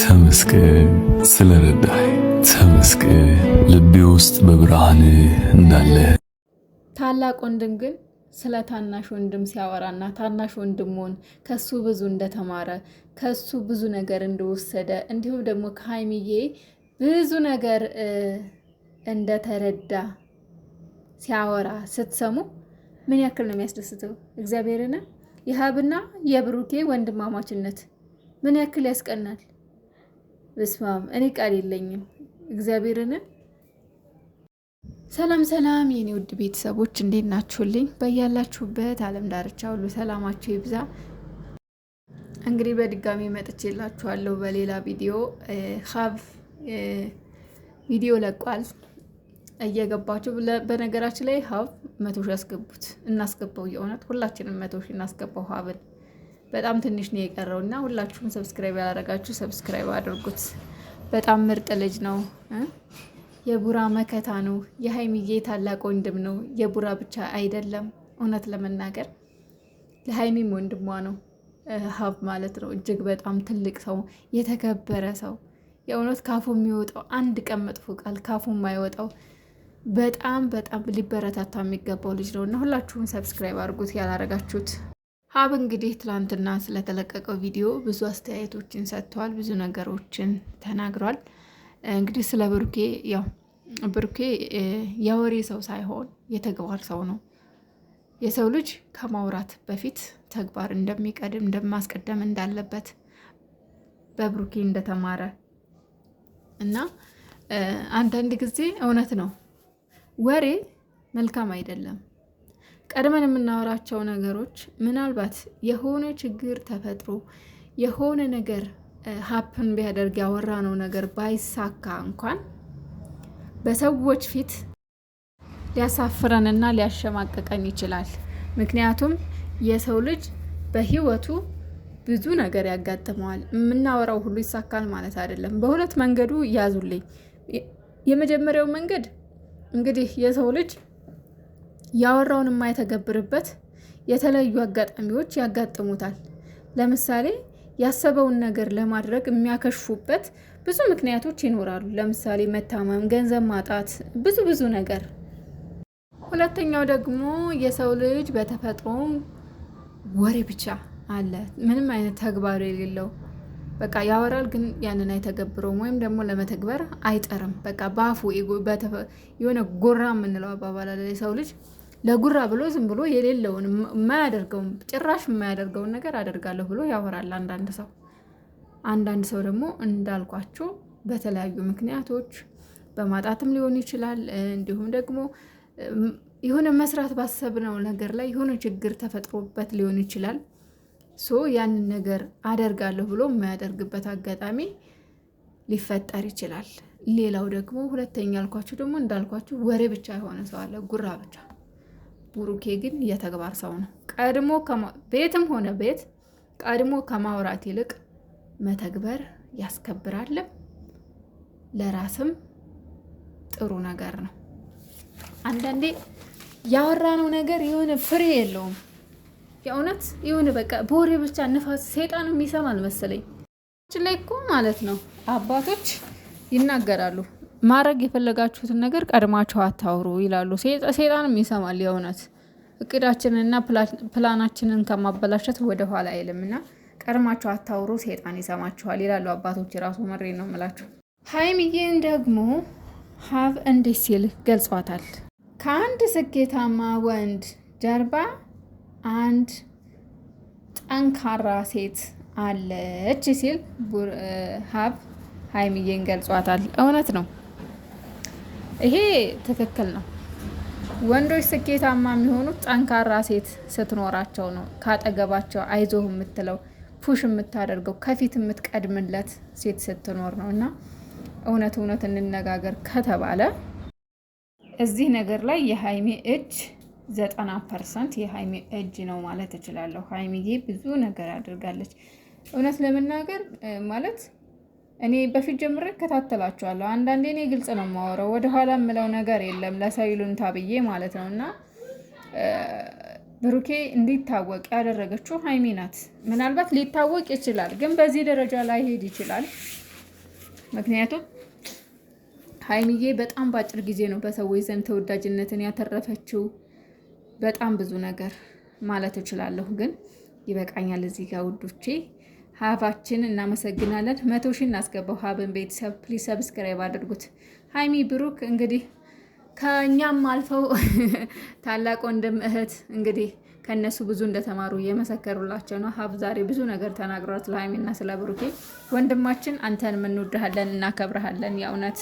ተመስገን ስለረዳህ፣ ተመስገን ልቤ ውስጥ በብርሃን እንዳለ። ታላቅ ወንድም ግን ስለ ታናሽ ወንድም ሲያወራና ታናሽ ወንድሙን ከሱ ብዙ እንደተማረ ከሱ ብዙ ነገር እንደወሰደ እንዲሁም ደግሞ ከሀይሚዬ ብዙ ነገር እንደተረዳ ሲያወራ ስትሰሙ ምን ያክል ነው የሚያስደስተው? እግዚአብሔርን የሀብና የብሩኬ ወንድማማችነት ምን ያክል ያስቀናል። በስማም እኔ ቃል የለኝም እግዚአብሔርን። ሰላም ሰላም የኔ ውድ ቤተሰቦች እንዴት ናችሁልኝ? በያላችሁበት አለም ዳርቻ ሁሉ ሰላማችሁ ይብዛ። እንግዲህ በድጋሚ መጥቼላችኋለሁ በሌላ ቪዲዮ። ሀብ ቪዲዮ ለቋል እየገባችሁ በነገራችን ላይ ሀብ መቶ ሺህ አስገቡት፣ እናስገባው የእውነት ሁላችንም መቶ እናስገባው ሀብን በጣም ትንሽ ነው የቀረው እና ሁላችሁም ሰብስክራይብ ያላረጋችሁ ሰብስክራይብ አድርጉት። በጣም ምርጥ ልጅ ነው። የቡራ መከታ ነው። የሀይሚዬ ታላቅ ወንድም ነው። የቡራ ብቻ አይደለም። እውነት ለመናገር ለሀይሚም ወንድሟ ነው። ሀብ ማለት ነው። እጅግ በጣም ትልቅ ሰው፣ የተከበረ ሰው፣ የእውነት ካፉ የሚወጣው አንድ ቀን መጥፎ ቃል ካፉ የማይወጣው በጣም በጣም ሊበረታታ የሚገባው ልጅ ነው እና ሁላችሁም ሰብስክራይብ አድርጉት ያላረጋችሁት ሀብ እንግዲህ ትላንትና ስለተለቀቀው ቪዲዮ ብዙ አስተያየቶችን ሰጥተዋል፣ ብዙ ነገሮችን ተናግሯል። እንግዲህ ስለ ብሩኬ ያው ብሩኬ የወሬ ሰው ሳይሆን የተግባር ሰው ነው። የሰው ልጅ ከማውራት በፊት ተግባር እንደሚቀድም እንደማስቀደም እንዳለበት በብሩኬ እንደተማረ እና አንዳንድ ጊዜ እውነት ነው ወሬ መልካም አይደለም ቀድመን የምናወራቸው ነገሮች ምናልባት የሆነ ችግር ተፈጥሮ የሆነ ነገር ሀፕን ቢያደርግ ያወራነው ነገር ባይሳካ እንኳን በሰዎች ፊት ሊያሳፍረንና ሊያሸማቀቀን ይችላል። ምክንያቱም የሰው ልጅ በህይወቱ ብዙ ነገር ያጋጥመዋል። የምናወራው ሁሉ ይሳካል ማለት አይደለም። በሁለት መንገዱ ያዙልኝ። የመጀመሪያው መንገድ እንግዲህ የሰው ልጅ ያወራውን የማይተገብርበት የተለያዩ አጋጣሚዎች ያጋጥሙታል። ለምሳሌ ያሰበውን ነገር ለማድረግ የሚያከሽፉበት ብዙ ምክንያቶች ይኖራሉ። ለምሳሌ መታመም፣ ገንዘብ ማጣት፣ ብዙ ብዙ ነገር። ሁለተኛው ደግሞ የሰው ልጅ በተፈጥሮም ወሬ ብቻ አለ፣ ምንም አይነት ተግባር የሌለው በቃ ያወራል፣ ግን ያንን አይተገብረውም ወይም ደግሞ ለመተግበር አይጠርም። በቃ በአፉ የሆነ ጎራ የምንለው አባባል አለ የሰው ልጅ ለጉራ ብሎ ዝም ብሎ የሌለውን የማያደርገውን ጭራሽ የማያደርገውን ነገር አደርጋለሁ ብሎ ያወራል አንዳንድ ሰው። አንዳንድ ሰው ደግሞ እንዳልኳቸው በተለያዩ ምክንያቶች በማጣትም ሊሆን ይችላል። እንዲሁም ደግሞ የሆነ መስራት ባሰብነው ነገር ላይ የሆነ ችግር ተፈጥሮበት ሊሆን ይችላል። ሶ ያንን ነገር አደርጋለሁ ብሎ የማያደርግበት አጋጣሚ ሊፈጠር ይችላል። ሌላው ደግሞ ሁለተኛ ያልኳችሁ ደግሞ እንዳልኳችሁ ወሬ ብቻ የሆነ ሰው አለ፣ ጉራ ብቻ ቡሩኬ ግን የተግባር ሰው ነው። ቀድሞ ቤትም ሆነ ቤት ቀድሞ ከማውራት ይልቅ መተግበር ያስከብራልም ለራስም ጥሩ ነገር ነው። አንዳንዴ ያወራነው ነገር የሆነ ፍሬ የለውም። የእውነት የሆነ በቃ በወሬ ብቻ ንፋስ ሴጣን የሚሰማል መሰለኝ። ላይ እኮ ማለት ነው አባቶች ይናገራሉ ማድረግ የፈለጋችሁትን ነገር ቀድማችሁ አታውሩ ይላሉ። ሴጣንም ይሰማል። የእውነት እቅዳችንንና ፕላናችንን ከማበላሸት ወደኋላ አይልምና ቀድማችሁ አታውሩ፣ ሴጣን ይሰማችኋል ይላሉ አባቶች። ራሱ መሬ ነው ምላቸው ሀይሚዬን ደግሞ ሀብ እንዴት ሲል ገልጿታል። ከአንድ ስኬታማ ወንድ ጀርባ አንድ ጠንካራ ሴት አለች ሲል ሀብ ሀይሚዬን ገልጿታል። እውነት ነው። ይሄ ትክክል ነው። ወንዶች ስኬታማ የሚሆኑት ጠንካራ ሴት ስትኖራቸው ነው። ካጠገባቸው አይዞህ የምትለው ፑሽ የምታደርገው ከፊት የምትቀድምለት ሴት ስትኖር ነው። እና እውነት እውነት እንነጋገር ከተባለ እዚህ ነገር ላይ የሀይሜ እጅ ዘጠና ፐርሰንት የሀይሜ እጅ ነው ማለት እችላለሁ። ሀይሜዬ ብዙ ነገር አድርጋለች። እውነት ለመናገር ማለት እኔ በፊት ጀምሬ እከታተላችኋለሁ። አንዳንዴ እኔ ግልጽ ነው የማወራው፣ ወደኋላ የምለው ነገር የለም። ለሰው ይሉኝታ ብዬ ማለት ነው። እና ብሩኬ እንዲታወቅ ያደረገችው ሀይሚ ናት። ምናልባት ሊታወቅ ይችላል፣ ግን በዚህ ደረጃ ላይሄድ ይችላል። ምክንያቱም ሀይሚዬ በጣም በአጭር ጊዜ ነው በሰዎች ዘንድ ተወዳጅነትን ያተረፈችው። በጣም ብዙ ነገር ማለት እችላለሁ፣ ግን ይበቃኛል እዚህ ጋር ውዶቼ። ሀባችን እናመሰግናለን። መቶ ሺ እናስገባው ሀብን ቤተሰብ ፕሊዝ ሰብስክራይብ አድርጉት። ሀይሚ ብሩክ እንግዲህ ከእኛም አልፈው ታላቅ ወንድም እህት እንግዲህ ከእነሱ ብዙ እንደተማሩ እየመሰከሩላቸው ነው። ሀብ ዛሬ ብዙ ነገር ተናግሯት ለሀይሚና ስለ ብሩኬ ወንድማችን አንተን እንወድሃለን፣ እናከብረሃለን የእውነት